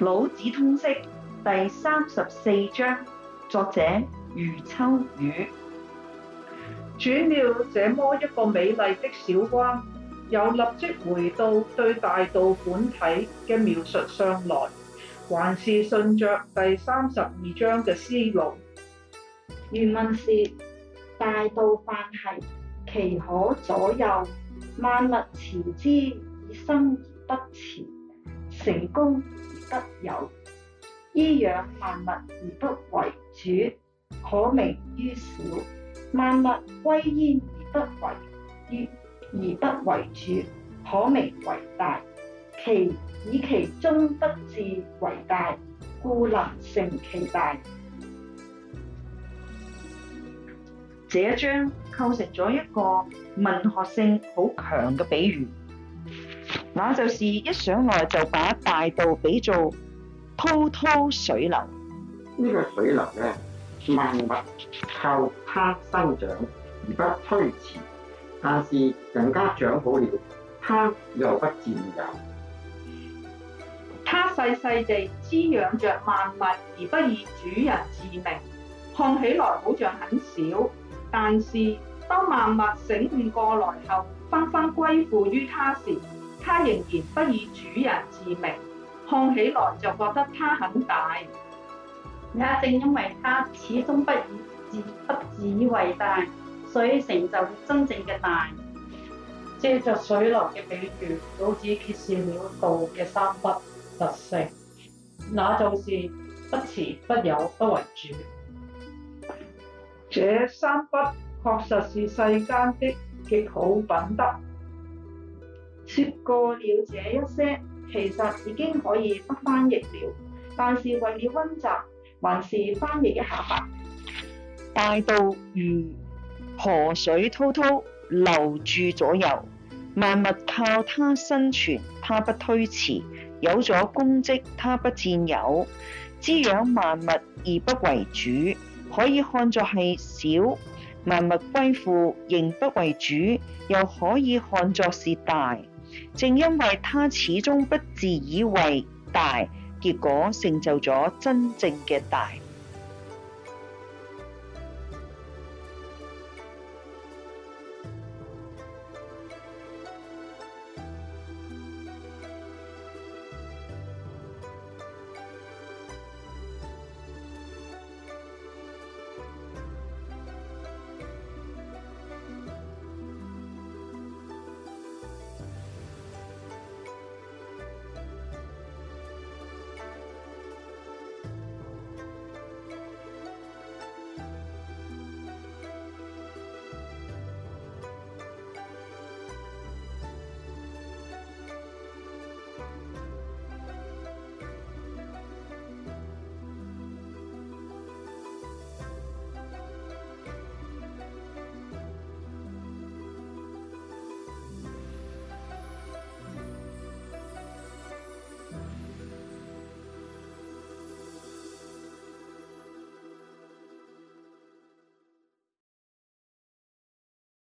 《老子通釋》第三十四章，作者余秋雨。轉了這麼一個美麗的小關，又立即回到對大道本體嘅描述上來，還是順着第三十二章嘅思路。原文是：大道泛兮，其可左右；萬物恃之以生而不辭，成功。不有，衣養萬物而不為主，可名於小；萬物歸焉而不為，于而不為主，可名為大。其以其終不自為大，故能成其大。這一章構成咗一個文學性好強嘅比喻。那就是一上來就把大道比作滔滔水流。呢、這個水流咧，萬物靠它生長而不推辭，但是人家長好了，它又不佔有，它細細地滋養着萬物而不以主人自命。看起來好像很小，但是當萬物醒悟過來後，紛紛歸附於它時，他仍然不以主人自命，看起來就覺得他很大。也正因為他始終不以不自以為大，所以成就真正嘅大。借着水落嘅比喻，老子揭示了道嘅三不特性，那就是不辭、不、不有、不為主。這三不確實是世間的極好品德。說過了這一些，其實已經可以不翻譯了，但是為了温習，還是翻譯一下吧。大道如河水滔滔，流住左右，萬物靠它生存，它不推辭；有咗功績，它不佔有，滋養萬物而不為主，可以看作係小；萬物歸附，仍不為主，又可以看作是大。正因為他始終不自以為大，結果成就咗真正嘅大。